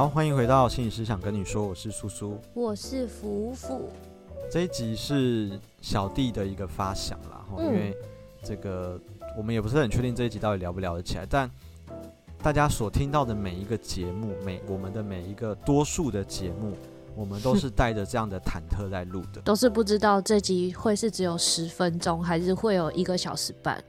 好，歡迎回到心理師，想跟你說，我是蘇蘇，我是福福。這一集是小弟的一個發想啦，嗯、因為這個我們也不是很確定這一集到底聊不聊得起來，但大家所聽到的每一個節目，每我們的每一個多數的節目，我們都是帶着這樣的忐忑在錄的，都是不知道這集會是只有十分鐘，還是會有一個小時半。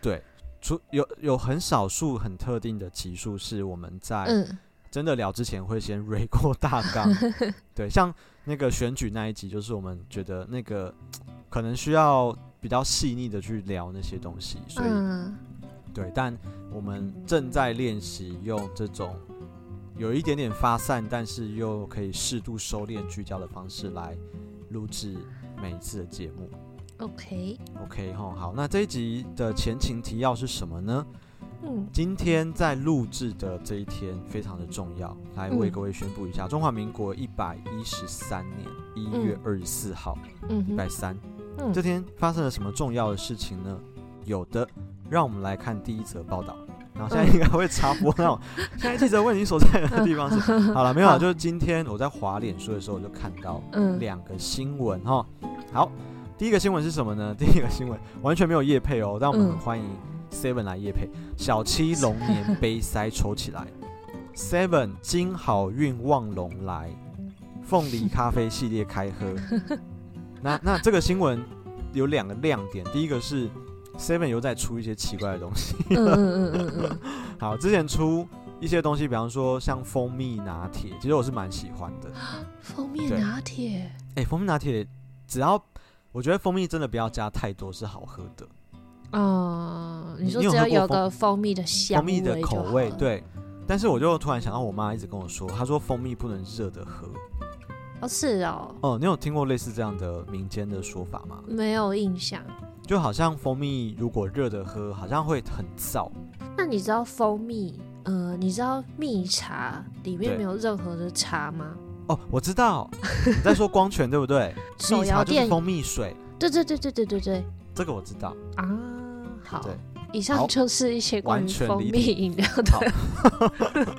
對，除有有很少數很特定的集數是我們在。嗯真的聊之前會先 review 過大綱， 對，像那個選舉那一集，就是我們覺得那個可能需要比較細膩的去聊那些東西，所以、嗯、對，但我們正在練習用這種有一點點發散，但是又可以適度收斂、聚焦的方式來錄製每一次的節目。OK，OK，Okay.、okay, 吼，好，那這一集的前情提要是什麼呢？今天在錄製的這一天非常的重要，來為各位宣布一下：嗯、中華民國一百一十三年一月二十四號，禮、嗯、拜三，嗯、這天發生了什麼重要的事情呢？有的，讓我們來看第一則報道。然後現在應該會插播那種，嗯、現在記者問你所在的地方是？嗯、好了，沒有，好就是今天我在滑臉書的時候，我就看到兩個新聞哈、嗯。好，第一個新聞是什麼呢？第一個新聞完全沒有業配哦，但我們很歡迎。Seven 來業配小七龍年杯塞抽起來，Seven 金 好運旺龍來，鳳梨咖啡系列開喝。 那那這個新聞有兩個亮點，第一個是 Seven 又在出一些奇怪的東西。 好，之前出一些東西，比方說像蜂蜜拿鐵，其實我是蠻喜歡的。 蜂蜜拿鐵？哎、欸，蜂蜜拿鐵只要我覺得蜂蜜真的不要加太多是好喝的。哦、嗯，你說只要有，有個蜂蜜的香味蜂蜜、蜂蜜的口味，對。但是我就突然想到，我媽一直跟我說，她說蜂蜜不能熱的喝。哦，是哦。哦、嗯，你有聽過類似這樣的民間的說法嗎？沒有印象。就好像蜂蜜如果熱的喝，好像會很燥。那你知道蜂蜜？呃，你知道蜜茶裡面對沒有任何的茶嗎？哦，我知道。你在說光泉 對不對？蜜茶就是蜂蜜水。對對對對對對對。這個我知道啊。好，以上就是一些關於蜂蜜飲料的。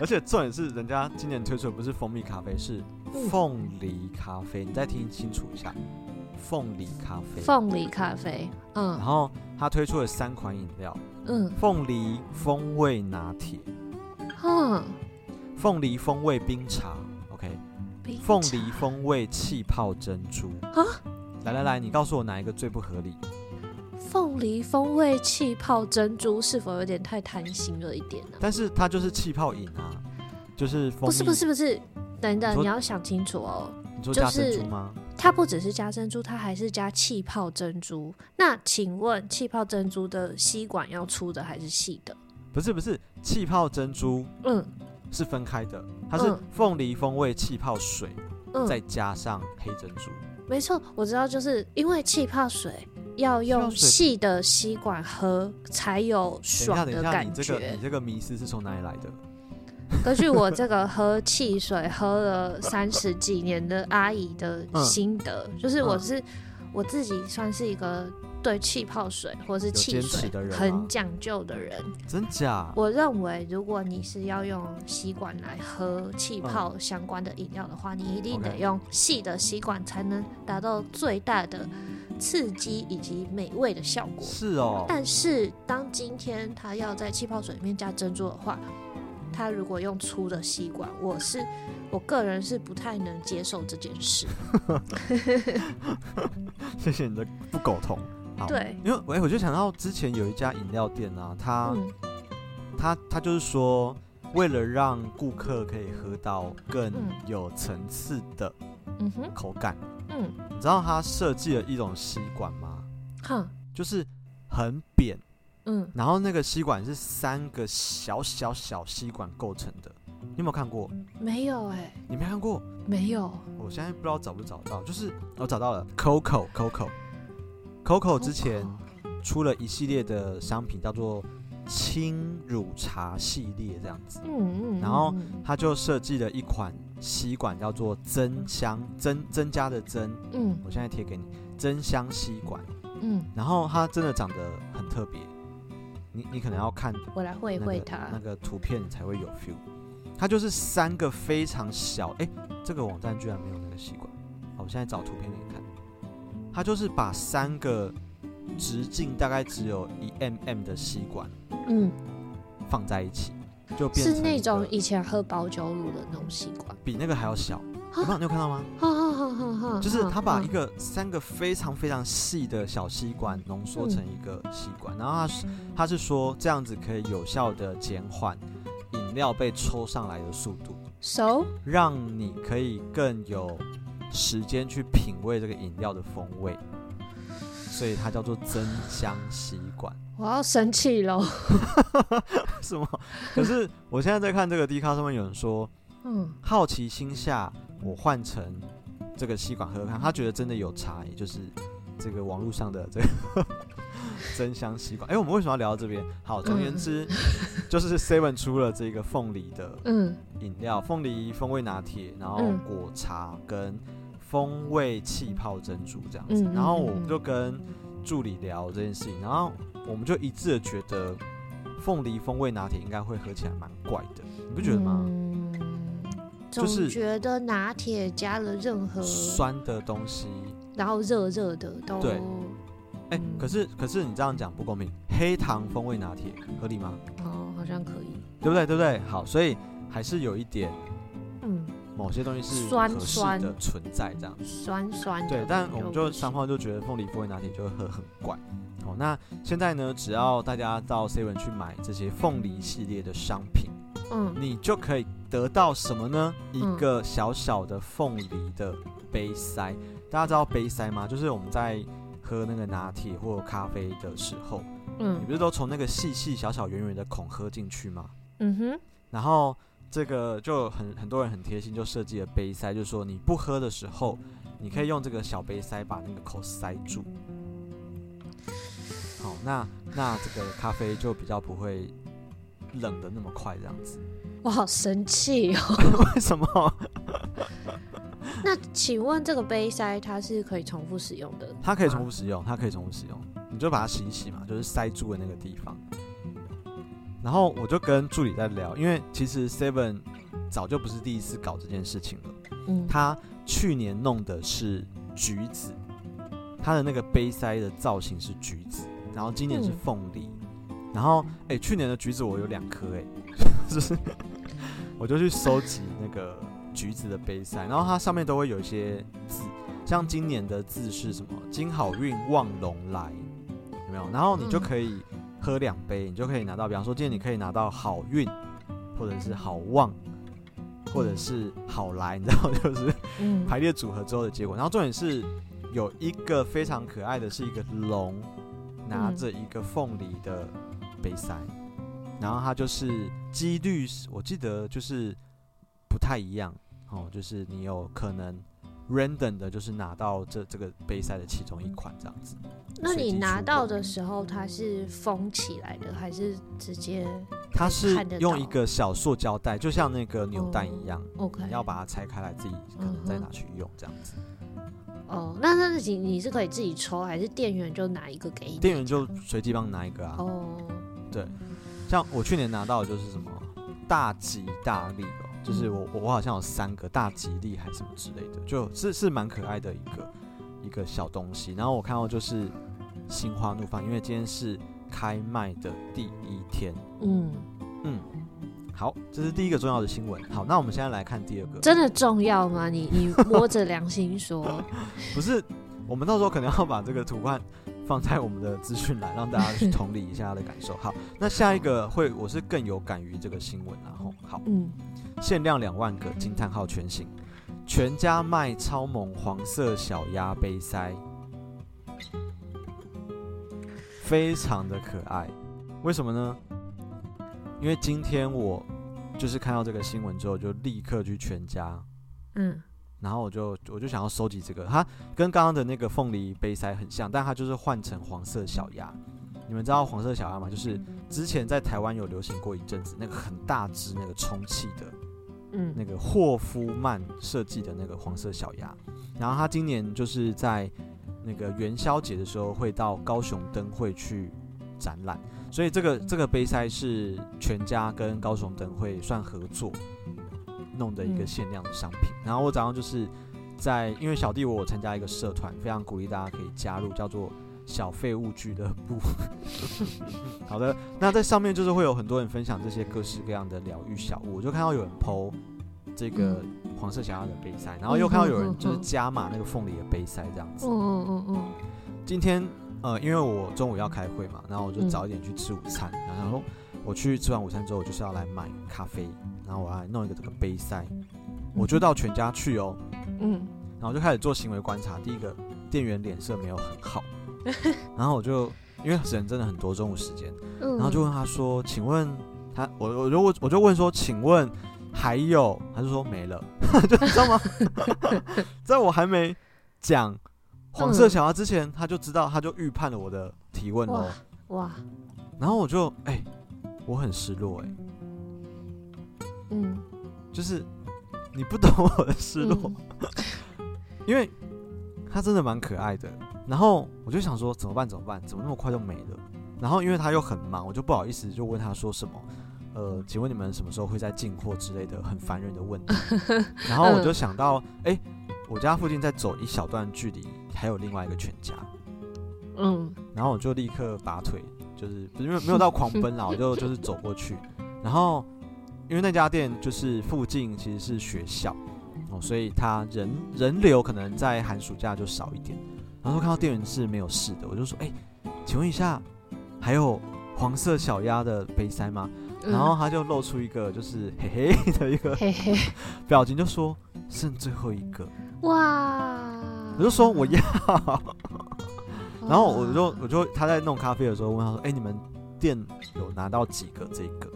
而且重點是，人家今年推出的不是蜂蜜咖啡，是鳳梨咖啡。你再聽清楚一下，鳳梨咖啡，鳳梨咖啡。嗯。然後他推出了三款飲料，嗯，鳳梨風味拿鐵，嗯，鳳梨風味冰茶，OK，冰茶，鳳梨風味氣泡珍珠。啊！來來來，你告訴我哪一個最不合理？鳳梨風味氣泡珍珠是否有點太貪心了一點呢？啊？但是它就是氣泡飲啊，就是不是不是不是，等等，你說，你要想清楚哦。你說加珍珠嗎？就是？它不只是加珍珠，它還是加氣泡珍珠。那請問氣泡珍珠的吸管要粗的還是細的？不是不是，氣泡珍珠嗯是分開的，嗯、它是鳳梨風味氣泡水，嗯、再加上黑珍珠。嗯、沒錯，我知道，就是因為氣泡水。嗯要用細的吸管喝才有爽的感覺。等一下、等一下、你，這個、你這個迷思是從哪裡來的？根據我這個喝汽水 喝了三十幾年的阿姨的心得，嗯、就是我是、嗯、我自己算是一個。對氣泡水或是汽水，很講究的人，真假、啊？我認為，如果你是要用吸管來喝氣泡相關的飲料的話，嗯、你一定得用細的吸管，才能達到最大的刺激以及美味的效果。是哦。但是，當今天他要在氣泡水裡面加珍珠的話，他如果用粗的吸管，我是我個人是不太能接受這件事。 謝謝你的不苟同。好，對因為餵、欸，我就想到之前有一家飲料店啊，他、他，嗯，他就是說，為了讓顧客可以喝到更有層次的，嗯哼，口感，嗯，嗯嗯，你知道他設計了一種吸管嗎？哼，就是很扁，嗯，然後那個吸管是三個小小小吸管構成的，你有沒有看過？嗯、沒有哎、欸，你沒看過？沒有，我現在不知道找不找到，就是我找到了，Coco Coco。Coco 之前出了一系列的商品，叫做輕乳茶系列，這樣子。嗯嗯。嗯，然後他就設計了一款吸管，叫做增香增增加的增。嗯。我現在貼給你增香吸管。嗯。然後它真的長得很特別，你你可能要看，那個，我來會一會它那個圖片才會有 feel。它就是三個非常小，誒、欸，這個網站居然沒有那個吸管。好，我現在找圖片給你。他就是把三個直徑大概只有一 mm 的吸管，嗯，放在一起，嗯、就變成是那種以前喝保久乳的那種吸管，比那個還要小。啊、你有看到嗎？啊啊啊啊啊、就是他把一個三個非常非常細的小吸管濃縮成一個吸管，嗯、然後他他是說這樣子可以有效的減緩飲料被抽上來的速度 So? 讓你可以更有。時間去品味這個飲料的風味，所以它叫做增香吸管。我要生氣嘍！ 什麼？可是我現在在看這個 D 卡上面有人說，嗯，好奇心下我換成這個吸管喝喝看，他覺得真的有差異，就是這個網絡上的這個 增香吸管。哎、欸，我們為什麼要聊到這邊？好，總而言之，嗯、就是 Seven 出了這個鳳梨的嗯飲料，鳳、嗯、梨風味拿鐵，然後果茶跟。風味氣泡珍珠這樣子，然後我們就跟助理聊這件事情，然後我們就一致的覺得鳳梨風味拿鐵應該會喝起來蠻怪的，你不覺得嗎？就是覺得拿鐵加了任何酸的東西，然後熱熱的都對。哎，可是可是你這樣講不公平，黑糖風味拿鐵合理嗎？哦，好像可以，對不對？對不對？好，所以還是有一點。某些東西是酸酸的存在，這樣酸酸的。對，但我們就三方就覺得鳳梨不會拿鐵就會喝很怪。好、哦，那現在呢？只要大家到 seven 去買這些鳳梨系列的商品，嗯，你就可以得到什麼呢？一個小小的鳳梨的杯塞。嗯、大家知道杯塞嗎？就是我們在喝那個拿鐵或咖啡的時候，嗯，你不是都從那個細細小小圓圓的孔喝進去嗎？嗯哼，然後。這個就很很多人很貼心，就設計了杯塞，就是說你不喝的時候，你可以用這個小杯塞把那個口塞住。好，那那這個咖啡就比較不會冷得那麼快，這樣子。我好神奇哦！ 為什麼？ 那請問這個杯塞它是可以重複使用的？它可以重複使用，它可以重複使用，你就把它洗一洗嘛，就是塞住的那個地方。然後我就跟助理在聊，因為其實 Seven 早就不是第一次搞這件事情了。嗯，他去年弄的是橘子，他的那個杯塞的造型是橘子，然後今年是鳳梨。嗯、然後，哎、欸，去年的橘子我有兩顆、欸，哎、嗯，就是 我就去收集那個橘子的杯塞，然後它上面都會有一些字，像今年的字是什麼“金好運旺龍來”，有沒有？然後你就可以。嗯喝兩杯，你就可以拿到。比方說，今天你可以拿到好運，或者是好旺，或者是好來，嗯、你知道，就是排列組合之後的結果。嗯、然後重點是有一個非常可愛的是一個龍拿着一個鳳梨的杯塞，嗯、然後它就是幾率，我記得就是不太一樣哦，就是你有可能。random 的，就是拿到這這個杯塞的其中一款這樣子。那你拿到的時候，它是封起來的，還是直接？它是用一個小塑膠袋，就像那個扭蛋一樣。哦 okay，你要把它拆開來，自己可能再拿去用這樣子。哦，那那你你是可以自己抽，還是店員就拿一個給你？店員就隨機幫你拿一個啊。哦。對，像我去年拿到的就是什麼大吉大利。就是我我我好像有三個大吉利還是什麼之類的，就是是蠻可愛的，一個一個小東西。然後我看到就是心花怒放，因為今天是開賣的第一天。嗯嗯，好，這是第一個重要的新聞。好，那我們現在來看第二個，真的重要嗎？你你摸着良心說， 不是。我們到時候可能要把這個圖案放在我們的資訊欄，讓大家去同理一下他的感受。好，那下一個會我是更有感於這個新聞，啊，然後好，嗯。限量兩萬個驚嘆號全型，全家賣超萌黃色小鴨杯塞，非常的可愛。為什麼呢？因為今天我就是看到這個新聞之後，就立刻去全家，嗯，然後我就我就想要收集這個。它跟剛剛的那個鳳梨杯塞很像，但它就是換成黃色小鴨。你們知道黃色小鴨嗎？就是之前在台灣有流行過一陣子，那個很大隻、那個充氣的。嗯，那個霍夫曼設計的那個黃色小鴨，然後他今年就是在那個元宵節的時候會到高雄燈會去展覽，所以這個這個杯塞是全家跟高雄燈會算合作弄的一個限量的商品。然後我早上就是在，因為小弟我有參加一個社團，非常鼓勵大家可以加入，叫做。小廢物俱樂部， 好的，那在上面就是會有很多人分享這些各式各樣的療癒小物。我就看到有人 po 這個黃色小鴨的杯塞，嗯、然後又看到有人就是加碼那個鳳梨的杯塞這樣子。嗯嗯嗯嗯。哦哦哦、今天呃，因為我中午要開會嘛，然後我就早一點去吃午餐。嗯、然後我去吃完午餐之後，我就是要來買咖啡，然後我要來弄一個這個杯塞，嗯、我就到全家去哦。嗯。然後就開始做行為觀察，第一個店員臉色沒有很好。 然後我就因為人真的很多，中午時間，嗯、然後就問他說：“請問他，我我如果我就問說，請問還有還是說沒了？ 就你知道嗎？ 在我還沒講黃色小鴨之前，嗯、他就知道，他就預判了我的提問哦。哇！然後我就哎、欸，我很失落哎、欸。嗯，就是你不懂我的失落，嗯、 因為他真的蠻可愛的。然後我就想說怎麼辦？怎麼辦？怎麼那麼快就沒了？然後因為他又很忙，我就不好意思就問他說什麼？呃，請問你們什麼時候會再進貨之類的很煩人的問題。 然後我就想到，哎、 欸，我家附近再走一小段距離還有另外一個全家，嗯，然後我就立刻拔腿，就是因為沒有到狂奔了， 我就就是走過去。然後因為那家店就是附近其實是學校哦，所以他人人流可能在寒暑假就少一點。然後看到店員是沒有事的，我就說：“哎、欸，請問一下，還有黃色小鴨的杯塞嗎？”嗯、然後他就露出一個就是嘿嘿的一個嘿嘿表情，就說：“剩最後一個。”哇！我就說我要。哇 然後我就我就他在弄咖啡的時候問他說：“哎、欸，你們店有拿到幾個這個？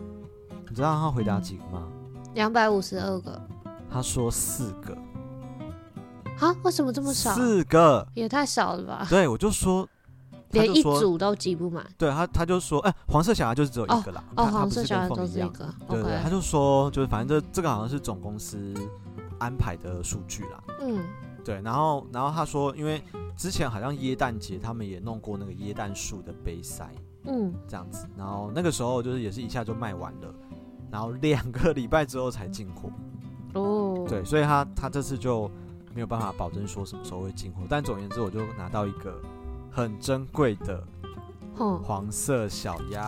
你知道他回答幾個嗎？”兩百五十二個。他說四個。啊，為什麼這麼少？四個也太少了吧？對，我就說連一組都擠不滿。對，他，他就說，哎，黃色小鴨就是只有一個啦，哦，黃色小鴨就是一個。對對，他就說，就是反正這這個好像是總公司安排的數據啦。嗯，對，然後然後他說，因為之前好像耶誕節他們也弄過那個耶誕樹的杯塞，嗯，這樣子，然後那個時候就是也是一下就賣完了，然後兩個禮拜之後才進貨。哦，對，所以他他這次就。沒有辦法保證說什麼時候會進貨，但總而言之，我就拿到一個很珍貴的黃色小鴨。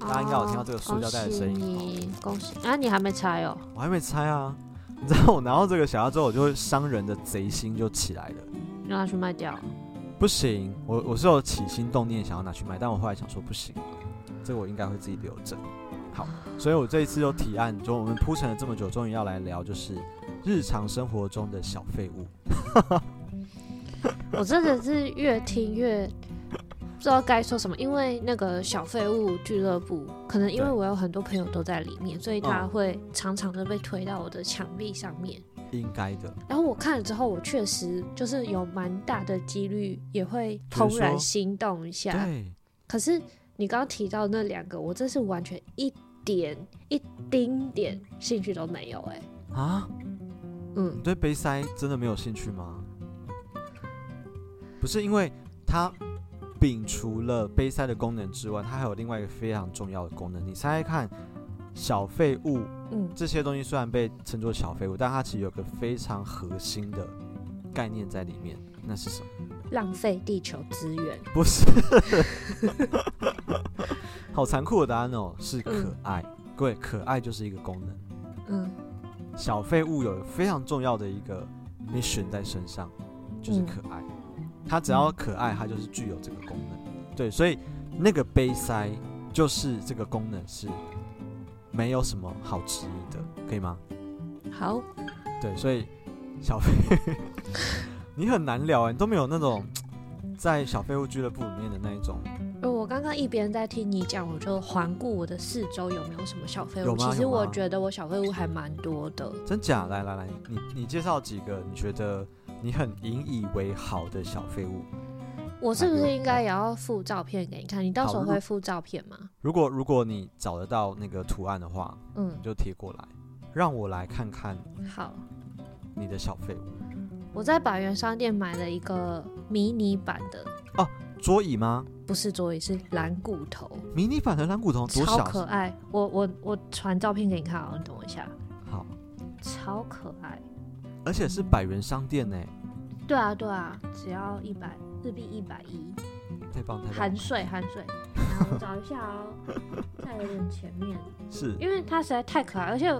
哼大家應該有聽到這個塑膠袋的聲音。恭，恭喜！啊，你還沒拆哦？我還沒拆啊！你知道我拿到這個小鴨之後，我就會商人的賊心就起來了，讓它去賣掉？不行，我我是有起心動念想要拿去賣，但我後來想說不行，這個我應該會自己留着。好，所以我這一次就提案，就我們鋪陳了這麼久，終於要來聊就是。日常生活中的小廢物， 我真的是越聽越不知道該說什麼，因為那個小廢物俱樂部，可能因為我有很多朋友都在裡面，所以他會常常的被推到我的牆壁上面。應該的。然後我看了之後，我確實就是有蠻大的幾率也會怦然心動一下。對。可是你剛剛提到那兩個，我真是完全一點一丁點興趣都沒有，欸，哎啊。嗯，你對杯塞真的沒有興趣嗎？不是，因為它摒除了杯塞的功能之外，它還有另外一個非常重要的功能。你猜猜看，小廢物，嗯，這些東西雖然被稱作小廢物，但它其實有一個非常核心的概念在裡面，那是什麼？浪費地球資源？不是， 好殘酷的答案哦，是可愛。嗯、各位，可愛就是一個功能。嗯。小廢物有非常重要的一個 mission 在身上，就是可愛。它、嗯、只要可愛，它就是具有這個功能。對，所以那個杯塞，就是這個功能是沒有什麼好質疑的，可以嗎？好。對，所以小廢， 你很難聊哎、欸，你都沒有那種在小廢物俱樂部裡面的那一種。我剛剛一邊在聽你講，我就環顧我的四周有沒有什麼小廢物。有，有嗎？其實我覺得我小廢物還蠻多的。真假？來來來，你你介紹幾個你覺得你很引以為豪的小廢物。我是不是應該也要附照片給你看？你到時候會附照片嗎？如果如果你找得到那個圖案的話，嗯，你就貼過來，讓我來看看。好，你的小廢物。我在百元商店買了一個迷你版的哦。啊。桌椅嗎？不是桌椅，是藍骨頭，迷你版的藍骨頭，超可愛！我我我傳照片給你看啊，你等我一下。好，超可愛，而且是百元商店呢。對啊對啊，只要一百日幣一百一，太棒太棒，含稅含稅。找一下哦，在有點前面。是，因為它實在太可愛，而且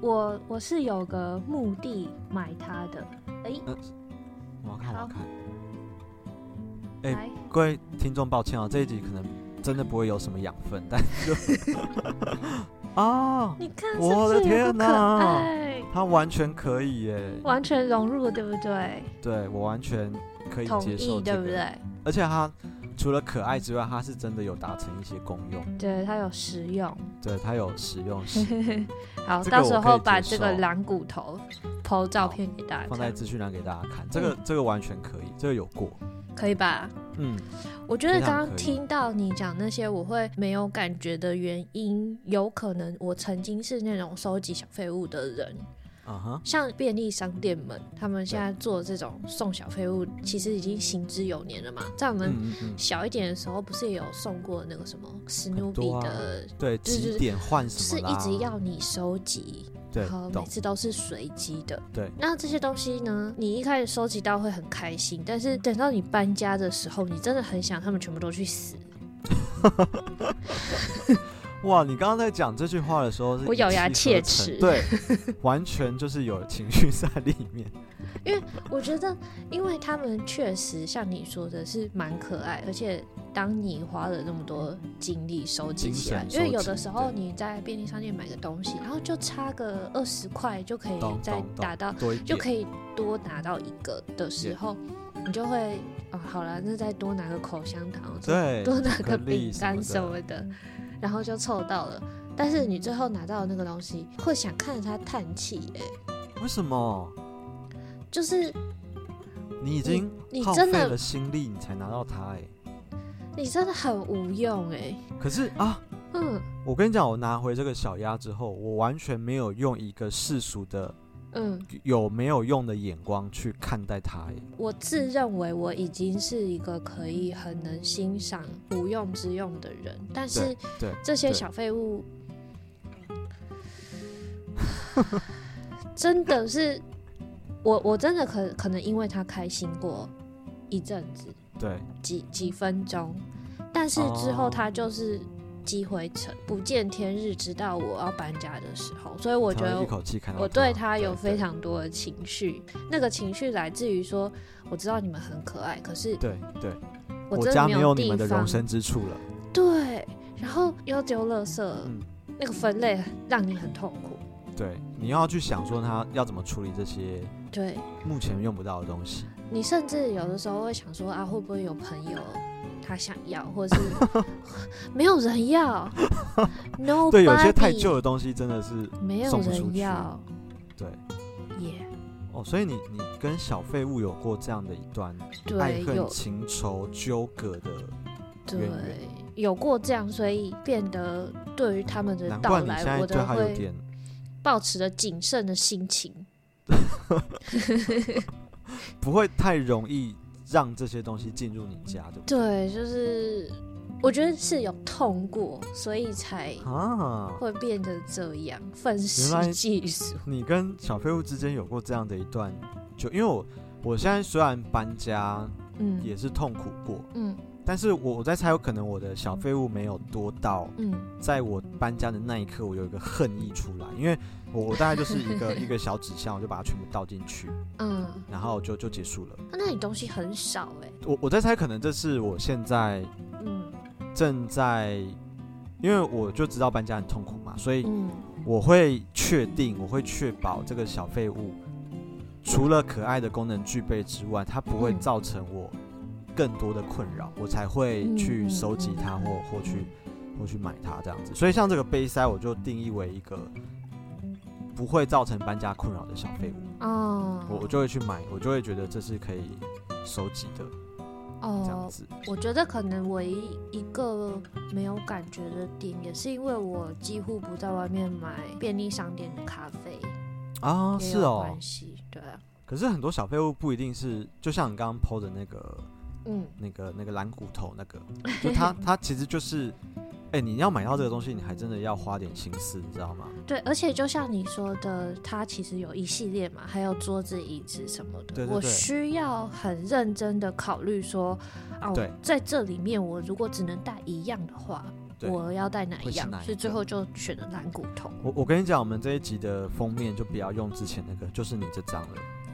我我是有個目的買它的。哎，我要看我要看。哎、欸，各位聽眾，抱歉啊、喔，這一集可能真的不會有什麼養分， 但就啊，你看是是，我的天哪、啊，他完全可以耶、欸，完全融入了，對不對？對，我完全可以接受、這個，對不對？而且他除了可愛之外，他是真的有達成一些功用，對他有實用，對他有實用，實用。 好，到時候把這個藍骨頭拍照片給大家看，放在資訊欄給大家看。嗯、這個這個完全可以，這個有過。可以吧？嗯，我覺得剛剛聽到你講那些，我會沒有感覺的原因，可有可能我曾經是那種收集小廢物的人。啊哈、uh，huh、像便利商店們，他們現在做這種送小廢物，對其實已經行之有年了嘛。在我們小一點的時候，不是也有送過那個什麼史努比的、啊、對點換就是對，點換是，是一直要你收集。對好，每次都是隨機的。對，那這些東西呢？你一開始收集到會很開心，但是等到你搬家的時候，你真的很想他們全部都去死。 哇，你剛剛在講這句話的時候的，我咬牙切齒，對， 完全就是有情緒在裡面。因為我覺得，因為他們確實像你說的，是蠻可愛。 而且，當你花了那麼多精力收集起來，起因為有的時候你在便利商店買個東西，對然後就差個二十塊就可以再達到，咚咚咚就可以多拿到一個的時候，咚咚咚你就會、嗯、好了，那再多拿個口香糖，對，多拿個餅乾什麼的。然後就湊到了，但是你最後拿到的那個東西，會想看着他嘆氣、欸，為什麼？就是你已經耗費了心力，你,你,你才拿到他、欸、你真的很無用、欸，可是啊，哼我跟你講，我拿回這個小鴨之後，我完全沒有用一個世俗的。嗯，有沒有用的眼光去看待他。我自認為我已經是一個可以很能欣賞無用之用的人，但是對這些小廢物，真的是我，我真的可可能因為他開心過一陣子，對，幾幾分鐘，但是之後他就是。積灰塵，成不見天日，直到我要搬家的時候。所以我覺得，我對他有非常多的情緒。那個情緒來自於說，我知道你們很可愛，可是對對，我家沒有你們的容身之處了。對，然後又丟垃圾，那個分類讓你很痛苦。對，你要去想說他要怎麼處理這些對目前用不到的東西。你甚至有的時候會想說啊，會不會有朋友？他想要，或者是 沒有人要。 Nobody 對，有些太舊的東西真的是沒有人要。對，也 Yeah. 哦，所以你你跟小廢物有過這樣的一段愛恨情仇糾葛的。對，有過這樣，所以變得對於他們的到來，我、嗯、有點抱持着謹慎的心情， 不會太容易。讓這些東西進入你家的，對，對，對，就是我覺得是有痛過，所以才會變得這樣。粉絲技術，你跟小廢物之間有過這樣的一段，就因為我我現在雖然搬家，嗯，也是痛苦過，嗯。但是，我我在猜，有可能我的小廢物沒有多到，嗯，在我搬家的那一刻，我有一個恨意出來，因為我我大概就是一個一個小紙箱，我就把它全部倒進去，嗯，然後就就結束了。那你東西很少哎？我我在猜，可能這是我現在嗯正在，因為我就知道搬家很痛苦嘛，所以我會確定，我會確保這個小廢物除了可愛的功能具備之外，它不會造成我。更多的困擾，我才會去收集它或、或或去或去買它這樣子。所以像這個杯塞，我就定義為一個不會造成搬家困擾的小廢物。哦，我我就會去買，我就會覺得這是可以收集的。哦，這樣子。我覺得可能唯一一個沒有感覺的點，也是因為我幾乎不在外面買便利商店的咖啡。啊、哦，是哦，關係對、啊。可是很多小廢物不一定是，就像你剛剛 po 的那個。嗯，那個那個藍骨頭，那個 就他他其實就是，哎、欸，你要買到這個東西，你還真的要花點心思，你知道嗎？對，而且就像你說的，它其實有一系列嘛，還有桌子、椅子什麼的。對對對。我需要很認真的考慮說，哦、啊，對在這裡面，我如果只能帶一樣的話，對我要帶哪一樣？一所以最後就選了藍骨頭。我我跟你講，我們這一集的封面就不要用之前那個，就是你這張了，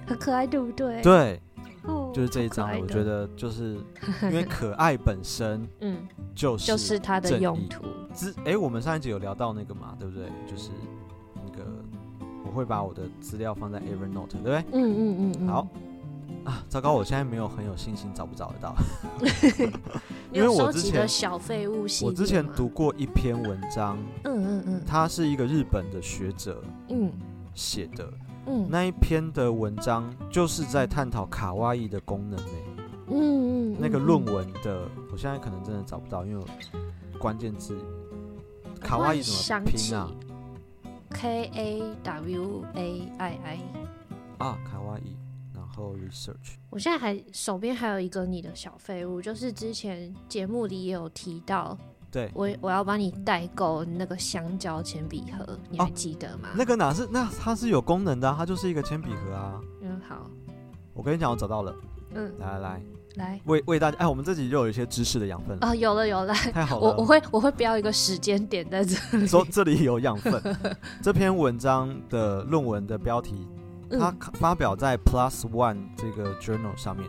很可愛，對不對？對。Oh, 就是這一張，我覺得就是因為可愛本身， 嗯，就是就是它的用途。哎、欸，我們上一集有聊到那個嘛，對不對？就是那個我會把我的資料放在 Evernote，對不對？嗯，嗯嗯嗯。好啊，糟糕，我現在沒有很有信心找不找得到， 因為我之前 小廢物系，我之前讀過一篇文章，嗯嗯嗯，他是一個日本的學者，嗯寫的。嗯，那一篇的文章就是在探討卡哇伊的功能呢、欸嗯。嗯嗯，那個論文的，我現在可能真的找不到，因為關鍵字卡哇伊怎麼拼啊？K A W A I I 啊，卡哇伊，然後 research。我現在還手邊還有一個你的小廢物，就是之前節目裡也有提到。對，我我要幫你代購那個香蕉鉛筆盒，你還、啊、記得嗎？那個哪是？那它是有功能的、啊，它就是一個鉛筆盒啊。嗯，好。我跟你講，我找到了。嗯，來來來來，來為為大家，哎，我們這集就有一些知識的養分啊。有了有了，太好了。我我會我會標一個時間點在這裡，說這裡有養分。 這篇文章的論文的標題，嗯、它發表在 Plus One 這個 Journal 上面。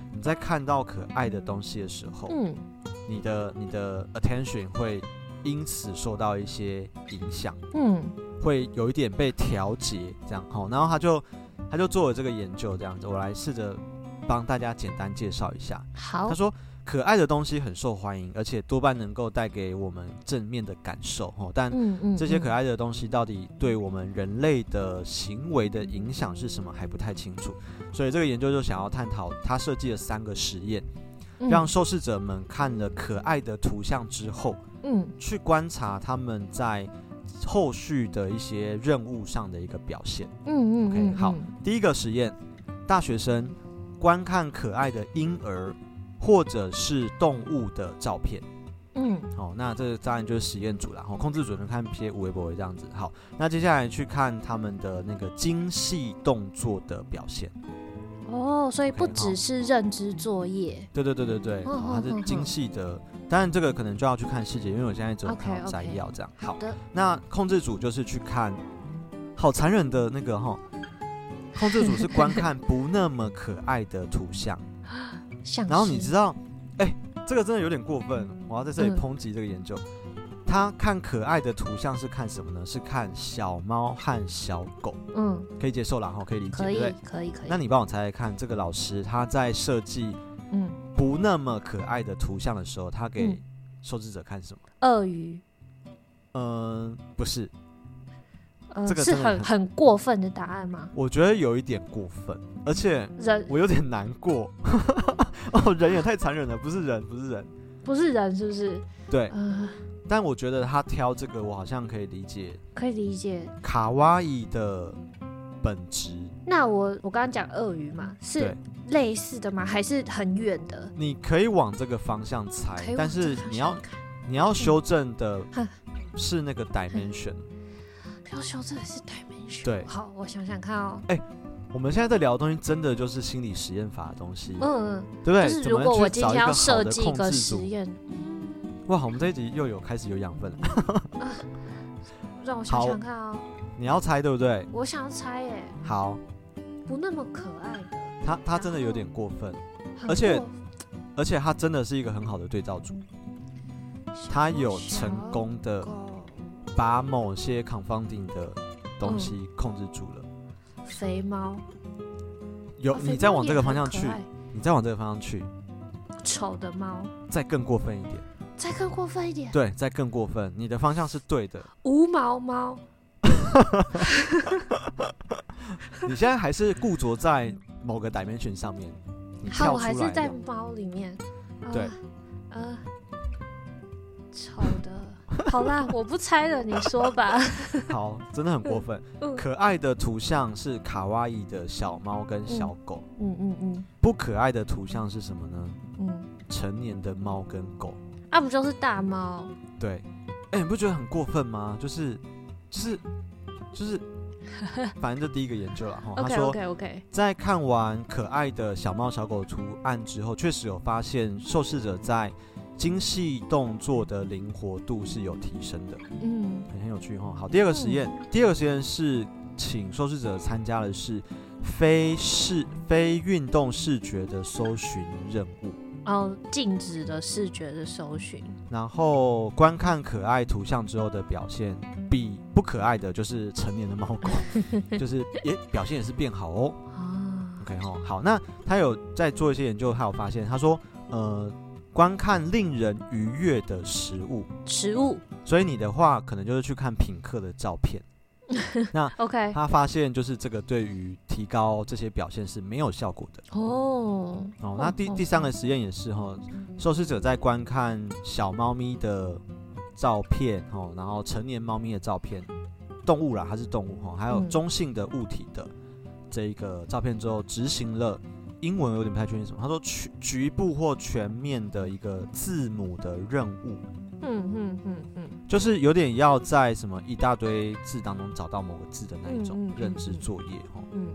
在看到可愛的東西的時候，嗯，你，你的你的 attention 會因此受到一些影響，嗯，會有一點被調節，這樣哦，然後他就他就做了這個研究，這樣子，我來試着幫大家簡單介紹一下。好，他說。可愛的東西很受歡迎，而且多半能夠帶給我們正面的感受。哦，但這些可愛的東西到底對我們人類的行為的影響是什麼還不太清楚，所以這個研究就想要探討。他設計了三個實驗，讓受試者們看了可愛的圖像之後，嗯，去觀察他們在後續的一些任務上的一個表現。嗯嗯，OK，好，第一個實驗，大學生觀看可愛的嬰兒，或者是動物的照片，嗯、好、哦，那這個當然就是實驗組了，然後控制組就看 A 五微博這樣子。好，那接下來去看他們的那個精細動作的表現。哦，oh, 所以不只是認知作業。Okay, 對對對對對，oh, 哦、它是精細的，當然、oh, oh, oh. 這個可能就要去看細節，因為我現在只有看摘要這樣。好的，okay, okay. 那控制組就是去看，好殘忍的那個哈，控制組是觀看不那麼可愛的圖像。 然後你知道，哎、欸，這個真的有點過分，我要在這裡抨擊這個研究。嗯、他看可愛的圖像是看什麼呢？是看小貓和小狗。嗯，可以接受了，然後可以理解。對不對？可以，可以，可以。那你幫我猜猜看，這個老師他在設計嗯不那麼可愛的圖像的時候，他給受試者看什麼？鱷魚。嗯、呃，不是。這個是很很過分的答案嗎？我覺得有一點過分，而且人我有點難過。哦，人也太殘忍了，不是人，不是人，不是人，是不是？對，嗯。但我覺得他挑這個，我好像可以理解，可以理解。卡哇伊的本質。那我我剛剛講鱷魚嘛，是類似的嗎？還是很遠的？你可以往這個方向猜，但是你要你要修正的是那個 dimension。嬌羞真的是太美了。對，好，我想想看哦。哎、欸，我們現在在聊的東西，真的就是心理實驗法的東西，嗯，對不吧對？就是如果我今天要設計一個實驗，哇，我們這一集又有開始有養分了 嗯。讓我想想看哦。你要猜對不對？我想猜耶、欸。好，不那麼可愛的。他他真的有點過分，過分而且而且他真的是一個很好的對照組，想 他有成功的。把某些 confounding 的東西控制住了。肥貓，有，你再往這個方向去，你再往這個方向去。醜的貓，再更過分一點，再更過分一點，對，再更過分。你的方向是對的。無毛貓，你現在還是固着在某個 dimension 上面，你跳出來。好，我還是在貓裡面。對，呃，醜的。 好啦，我不猜了，你說吧。 好，真的很過分。嗯、可愛的圖像是卡哇伊的小貓跟小狗。嗯嗯嗯。嗯嗯，不可愛的圖像是什麼呢？嗯、成年的貓跟狗。啊，不就是大貓？對。哎、欸，你不覺得很過分嗎？就是，就是，就是， 反正就第一個研究了、啊、哈。OK OK OK。在看完可愛的小貓小狗的圖案之後，確實有發現受試者在。精細動作的靈活度是有提升的，嗯，很有趣哈。好，第二個實驗，嗯、第二個實驗是請受試者參加的是非視、非運動視覺的搜尋任務，哦，靜止的視覺的搜尋，然後觀看可愛圖像之後的表現比不可愛的，就是成年的貓狗， 就是也表現也是變好哦。啊，OK 哈，好，那他有在做一些研究，他有發現，他說，呃。觀看令人愉悅的食物，食物，所以你的話可能就是去看品客的照片。 那 OK，他發現就是這個對於提高這些表現是沒有效果的哦、oh, 嗯、哦。那第哇第三個實驗也是哈、哦，受試者在觀看小貓咪的照片、哦、然後成年貓咪的照片，動物啦，它是動物哈、哦，還有中性的物體的這一個照片之後執行了。英文有點不太確定什麼，他說局局部或全面的一個字母的任務，嗯嗯嗯嗯，就是有點要在什麼一大堆字當中找到某個字的那一種認知作業嗯，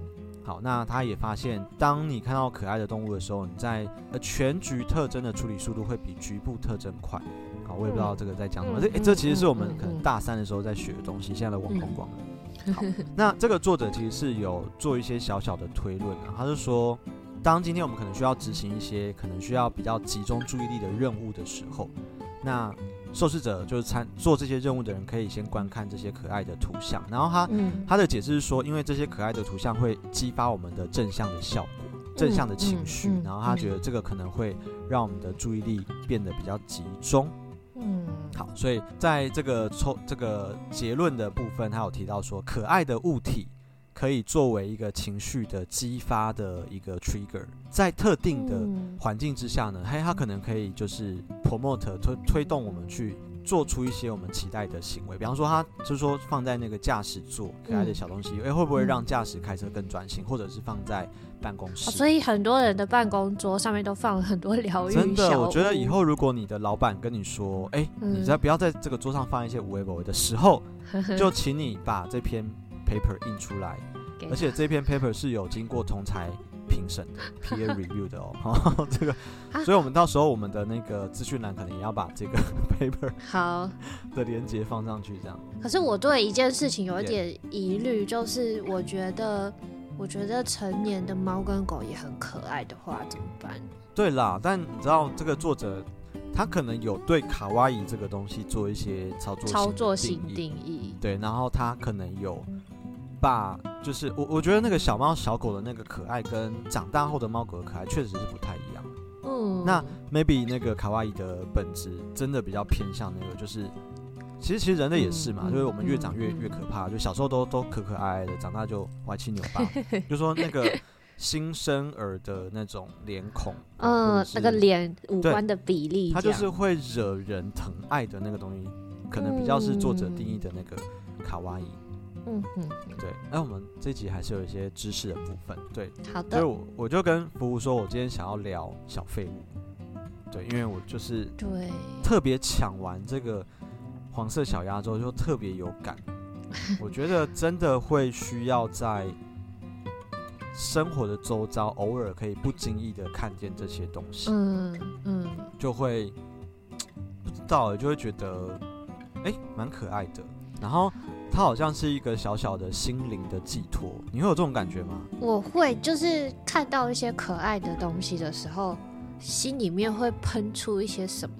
好，那他也發現，當你看到可愛的動物的時候，你在呃全局特徵的處理速度會比局部特徵快，好，我也不知道這個在講什麼，這、欸、這其實是我們可能大三的時候在學的東西，現在的網紅廣的，好，那這個作者其實是有做一些小小的推論啊，他是說。當今天我們可能需要執行一些可能需要比較集中注意力的任務的時候，那受試者就是參做這些任務的人，可以先觀看這些可愛的圖像。然後他、嗯、他的解釋是說，因為這些可愛的圖像會激發我們的正向的效果、正向的情緒，嗯嗯嗯嗯、然後他覺得這個可能會讓我們的注意力變得比較集中。嗯，好，所以在這個抽這個結論的部分，他有提到說，可愛的物體。可以作為一個情緒的激發的一個 trigger，在特定的環境之下呢，嘿，它可能可以就是 promote 推推動我們去做出一些我們期待的行為。比方說，他就是說放在那個駕駛座可愛的小東西，哎，會不會讓駕駛開車更專心？或者是放在辦公室？所以很多人的辦公桌上面都放了很多療癒小物。真的，我覺得以後如果你的老闆跟你說，哎，你在不要在這個桌上放一些微博的時候，就請你把這篇。paper 印出來，他而且這篇 paper 是有經過同儕評審的 peer review 的哦。 這個，啊、所以我們到時候我們的那個資訊欄可能也要把這個 paper 好，的連結放上去，這樣。可是我對一件事情有一點疑慮，Yeah 就是我覺得，我覺得成年的貓跟狗也很可愛的話，怎麼辦？對啦，但你知道這個作者他可能有對卡哇伊這個東西做一些操作操作性定義，對，然後他可能有。爸就是我，我覺得那個小貓小狗的那個可愛跟長大後的貓狗的可愛確實是不太一樣。嗯，那 maybe 那個卡哇伊的本質真的比較偏向那個，就是其實其實人類也是嘛，嗯、就是我們越長越、嗯、越可怕，嗯、就小時候都都可可愛愛的，長大就歪七扭八。 就說那個新生兒的那種臉孔，嗯，那個臉五官的比例，它就是會惹人疼愛的那個東西，可能比較是作者定義的那個卡哇伊。嗯嗯，對，那我們這集還是有一些知識的部分，對，好的，所以我我就跟服務說，我今天想要聊小廢物，對，因為我就是對特別搶完這個黃色小鴨之後就特別有感， 我覺得真的會需要在生活的周遭偶爾可以不經意的看見這些東西，嗯嗯，嗯就會不知道，就會覺得哎、欸，蠻可愛的，然後。它好像是一個小小的心靈的寄托，你會有這種感覺嗎？我會，就是看到一些可愛的東西的時候，心裡面會噴出一些什麼，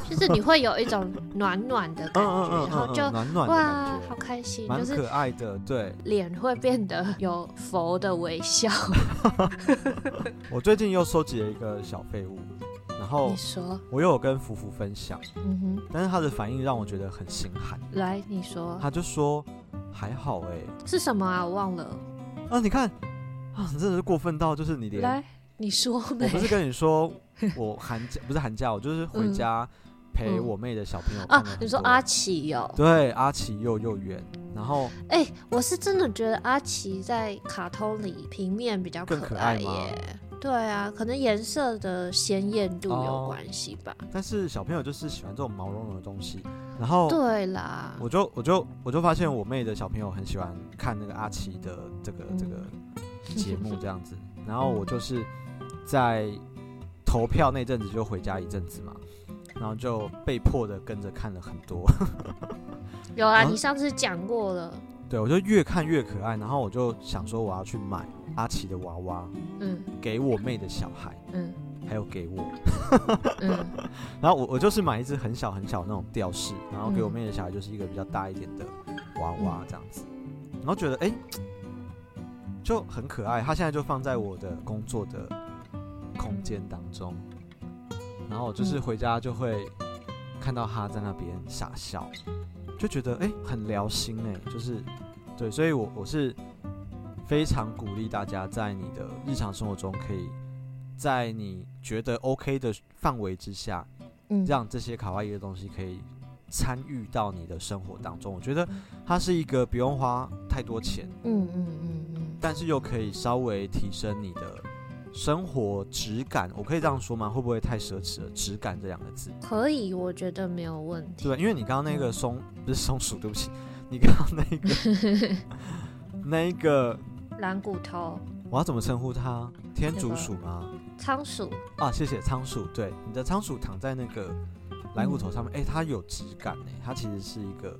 就是你會有一種暖暖的感覺，然後就暖暖的感覺，哇，好開心，就是可愛的，就是、對，臉會變得有佛的微笑。 我最近又收集了一個小廢物。然後我又有跟福福分享，嗯哼，但是他的反應讓我覺得很心寒。來，你說。他就說，還好哎，是什麼啊？我忘了。啊，你看，啊，你真的是過分到就是你連。來，你說。我不是跟你說，我寒假不是寒假，我就是回家陪我妹的小朋友啊。你說阿奇幼，對，阿奇幼幼園，然後。哎，我是真的覺得阿奇在卡通裡平面比較可愛耶。對啊，可能顏色的鮮豔度有關係吧，呃。但是小朋友就是喜歡這種毛茸茸的東西，然後對啦，我就我就我就發現我妹的小朋友很喜歡看那個阿奇的這個、嗯、這個節目這樣子， 然後我就是在投票那陣子就回家一陣子嘛，然後就被迫的跟着看了很多。有啊，你上次講過了。對，我就越看越可愛，然後我就想說我要去買。阿奇的娃娃，嗯，給我妹的小孩，嗯，還有給我， 然後我我就是買一隻很小很小的那種吊飾，然後給我妹的小孩就是一個比較大一點的娃娃這樣子，然後覺得哎、欸、就很可愛，她現在就放在我的工作的空間當中，然後我就是回家就會看到他在那邊傻笑，就覺得哎、欸、很聊心，哎、欸，就是對，所以我我是。非常鼓勵大家在你的日常生活中，可以在你覺得 OK 的範圍之下，嗯，讓這些卡哇伊的東西可以參與到你的生活當中。我覺得它是一個不用花太多錢，嗯嗯嗯嗯，但是又可以稍微提升你的生活質感。我可以這樣說嗎？會不會太奢侈了？質感這兩個字，可以，我覺得沒有問題。對，啊，因為你剛剛那個松不是松鼠，對不起，你剛剛那個 那一個。藍骨頭，我要怎麼稱呼它？天竺鼠嗎？倉鼠。啊，謝謝倉鼠。對，你的倉鼠躺在那個藍骨頭上面，哎、嗯，它有質感呢，它其實是一個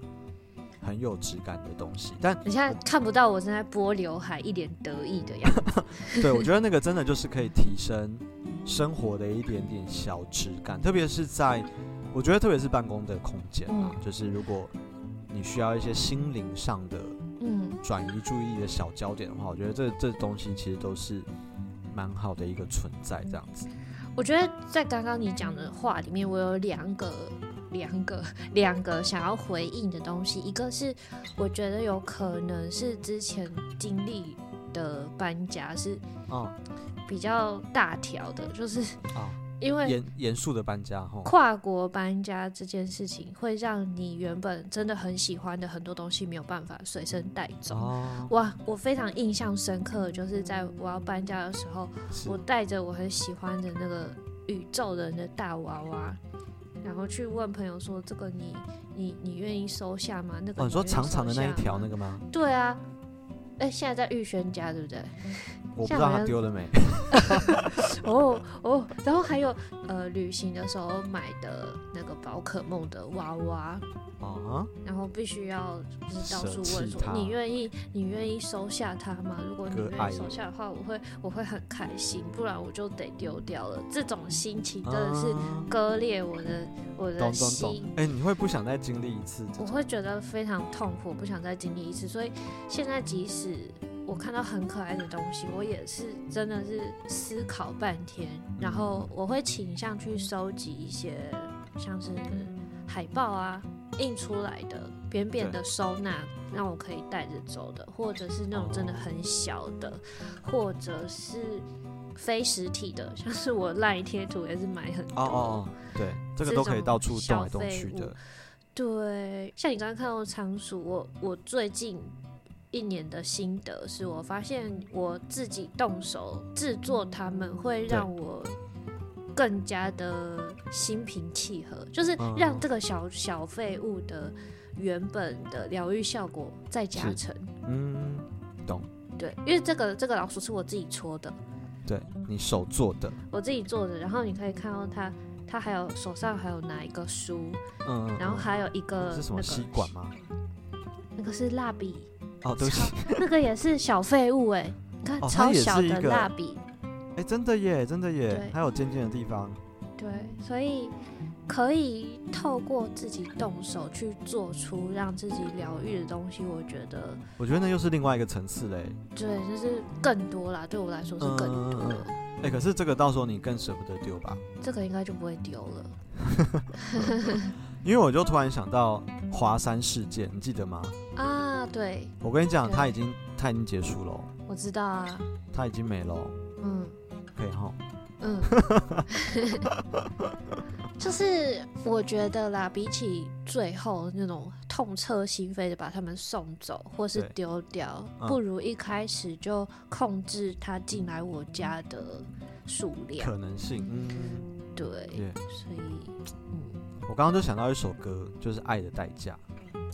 很有質感的東西。但你現在看不到，我正在撥劉海，一臉得意的樣子。 對，我覺得那個真的就是可以提升生活的一點點小質感， 特別是在我覺得，特別是辦公的空間啊，嗯、就是如果你需要一些心靈上的。轉移注意力的小焦點的話，我覺得這這東西其實都是蠻好的一個存在。這樣子，我覺得在剛剛你講的話裡面，我有兩個、兩個、兩個想要回應的東西。一個是，我覺得有可能是之前經歷的搬家是比較大條的，嗯、就是、嗯因為嚴嚴肅的搬家哈，跨國搬家這件事情會讓你原本真的很喜歡的很多東西沒有辦法隨身帶走。哇，我非常印象深刻，就是在我要搬家的時候，我帶着我很喜歡的那個宇宙人的大娃娃，然後去問朋友說：“這個你你你願意收下嗎？”那個你說長長的那一條那個嗎？對啊。哎，現在在玉軒家，對不對？嗯、我不知道他丟了沒。 哦哦，然後還有呃，旅行的時候買的那個寶可夢的娃娃。啊，uh huh. 然後必須要就是到處問說，你願意你願意收下它嗎？如果你願意收下的話，的我會我會很開心，不然我就得丟掉了。這種心情真的是割裂我的、uh huh. 我的心。哎、欸，你會不想再經歷一次？我會覺得非常痛苦，不想再經歷一次。所以現在即使我看到很可愛的東西，我也是真的是思考半天，uh huh. 然後我會傾向去收集一些像是海報啊。印出來的扁扁的收納，讓我可以帶着走的，對或者是那種真的很小的，oh. 或者是非實體的，像是我 LINE 貼圖，也是買很多。哦哦，對，這個都可以到處動來動去的。對，像你剛剛看到的倉鼠，我我最近一年的心得是，我發現我自己動手制作它們，會讓我更加的。心平氣和，就是讓這個小、嗯、小廢物的原本的療癒效果再加成。嗯，懂。對，因為這個這個老鼠是我自己搓的，對。你手做的？我自己做的。然後你可以看到它，它還有手上還有拿一個書，嗯，然後還有一個、嗯嗯、是什麼吸管嗎？那個、那個是蠟筆。哦，對不起。那個也是小廢物哎、欸，你看、哦，超小的蠟筆。哎、欸，真的耶，真的耶，對還有尖尖的地方。對，所以可以透過自己動手去做出讓自己療癒的東西，我覺得。我覺得那又是另外一個層次嘞。對，就是更多啦，對我來說是更多。哎、嗯欸，可是這個到時候你更捨不得丟吧？這個應該就不會丟了。 因為我就突然想到華山事件，你記得嗎？啊，對。我跟你講，他對已經他已經結束了。我知道啊。他已經沒了。嗯，可以吼。嗯， 就是我覺得啦，比起最後那種痛徹心扉的把他們送走或是丟掉，嗯、不如一開始就控制他進來我家的數量可能性。嗯，對，Yeah. 所以，嗯、我剛剛就想到一首歌，就是《愛的代價》，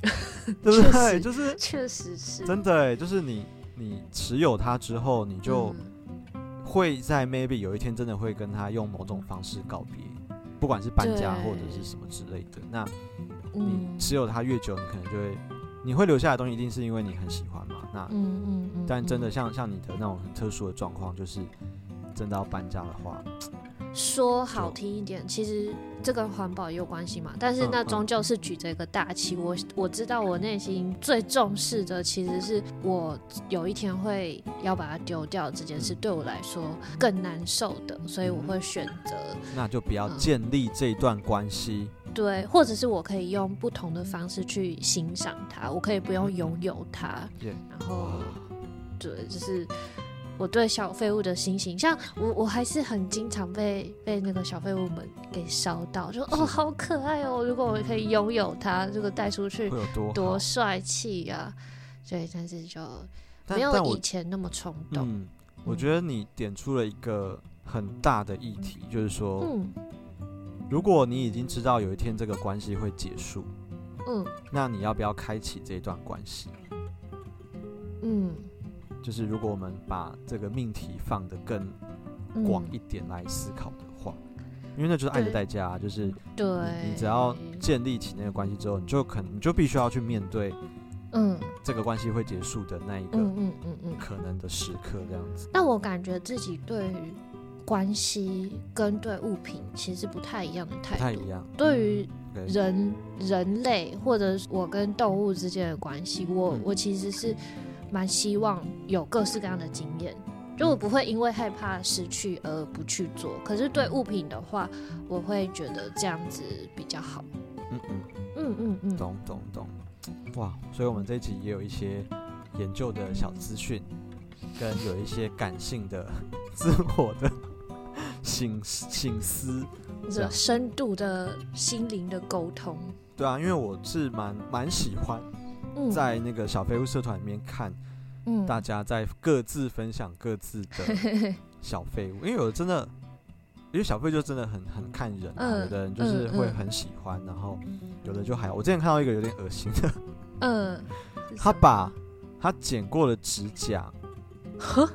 對不對？ 確實 就是，確實是，真的、欸，就是你，你持有它之後，你就。嗯會在 maybe 有一天真的會跟他用某種方式告別，不管是搬家或者是什麼之類的。對那，你持有他越久，你可能就會，你會留下來的東西一定是因為你很喜歡嘛。那，嗯嗯，嗯嗯。但真的像像你的那種很特殊的狀況，就是真的要搬家的話，說好聽一點，就其實。這跟環保也有關係嘛？但是那終究是舉着一個大旗。嗯嗯、我我知道，我內心最重視的，其實是我有一天會要把它丟掉這件事，嗯、對我來說更難受的。嗯、所以我會選擇，那就不要建立這一段關係、嗯。對，或者是我可以用不同的方式去欣賞它，我可以不用擁有它。嗯 yeah. 然後對，就是。我對小廢物的心情，像我，我還是很經常被被那個小廢物們給燒到，就哦，好可愛哦，如果我可以擁有它，這個帶出去會有多多帥氣啊！所以，但是就沒有以前那麼衝動我、嗯。我覺得你點出了一個很大的議題，嗯、就是說，嗯、如果你已經知道有一天這個關係會結束，嗯，那你要不要開啟這段關係？嗯。就是如果我們把這個命題放得更廣一點來思考的話，因為那就是愛的代價，啊，就是你只要建立起那個關係之後，你就可能你就必須要去面對，嗯，這個關係會結束的那一個，嗯嗯嗯，可能的時刻這樣子。但我感覺自己對於關係跟對物品其實不太一樣的態度，不太一樣。對於人人類或者是我跟動物之間的關係，我我其實是。蠻希望有各式各樣的經驗，就我不會因為害怕失去而不去做。嗯、可是對物品的話，我會覺得這樣子比較好。嗯嗯嗯嗯嗯，嗯嗯嗯懂懂懂。哇，所以我們這一集也有一些研究的小資訊，跟有一些感性的、自我的呵呵心，心思，深度的心靈的溝通。對啊，因為我是蠻蠻喜歡。在那個小廢物社團裡面看，大家在各自分享各自的小廢物，因為有的真的，因為小廢就真的很很看人，啊，有的人就是會很喜歡，然後有的就還……我之前看到一個有點噁心的，嗯，他把他剪過的指甲，呵，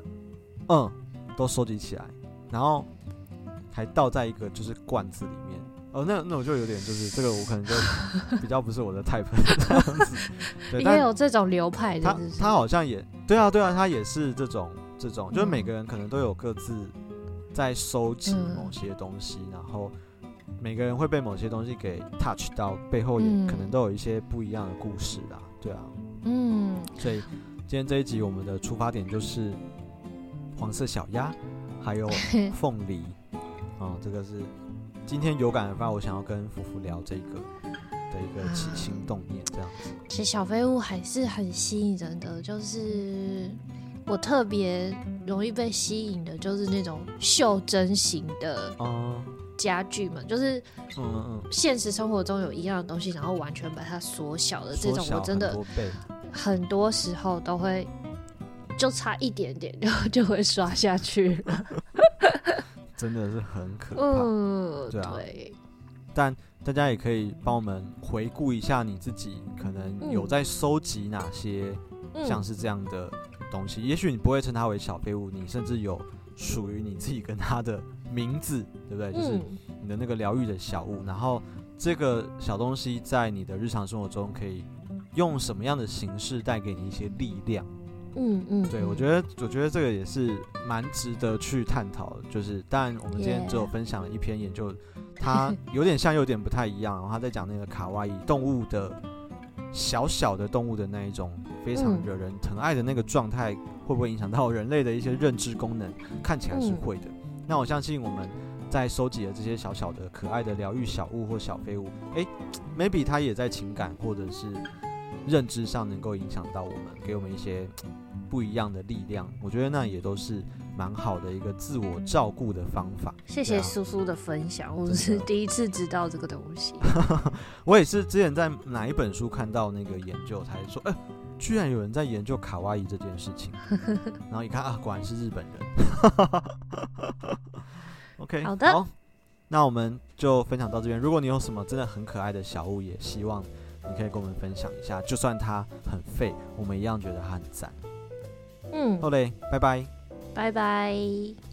嗯，都收集起來，然後還倒在一個就是罐子裡面。哦，那那我就有點，就是這個我可能就比較不是我的 type 這樣子。對，也有這種流派他他但好像也對啊對啊，他、啊、也是這種這種，就是每個人可能都有各自在收集某些東西，嗯、然後每個人會被某些東西給 touch 到，背後也可能都有一些不一樣的故事啊，對啊，嗯，所以今天這一集我們的出發點就是黃色小鴨，還有鳳梨，哦、 嗯，這個是。今天有感而發，我想要跟夫婦聊這個的一、這個起心動念，這樣子，啊。其實小廢物還是很吸引人的，就是我特別容易被吸引的，就是那種袖珍型的哦，家具嘛，啊、就是嗯，現實生活中有一樣的東西，嗯嗯，然後完全把它縮小的這種，我真的很多時候都會就差一點點就，然後就會刷下去了。 真的是很可怕，嗯、對啊。對。但大家也可以幫我們回顧一下，你自己可能有在收集哪些像是這樣的東西。嗯、也許你不會稱它為小廢物，你甚至有屬於你自己跟它的名字，嗯、對不對？就是你的那個療癒的小物。然後這個小東西在你的日常生活中可以用什麼樣的形式帶給你一些力量？嗯嗯，嗯對，我覺得我覺得這個也是蠻值得去探討的，就是，但我們今天只有分享了一篇研究，Yeah. 它有點像，有點不太一樣，然後他在講那個卡哇伊動物的小小的動物的那一種非常惹人、嗯、疼愛的那個狀態，會不會影響到人類的一些認知功能？看起來是會的。嗯、那我相信我們在收集的這些小小的可愛的療癒小物或小廢物，哎，maybe 他也在情感或者是。認知上能夠影響到我們，給我們一些不一樣的力量。我覺得那也都是蠻好的一個自我照顧的方法。謝謝叔叔的分享，樣我是第一次知道這個東西。 我也是之前在哪一本書看到那個研究，才說，哎、欸，居然有人在研究卡哇伊這件事情。然後一看啊，果然是日本人。 OK，好的，好，那我們就分享到這邊。如果你有什麼真的很可愛的小物也，也希望。你可以跟我們分享一下，就算它很廢，我們一樣覺得它很讚。嗯，好嘞，拜拜，拜拜。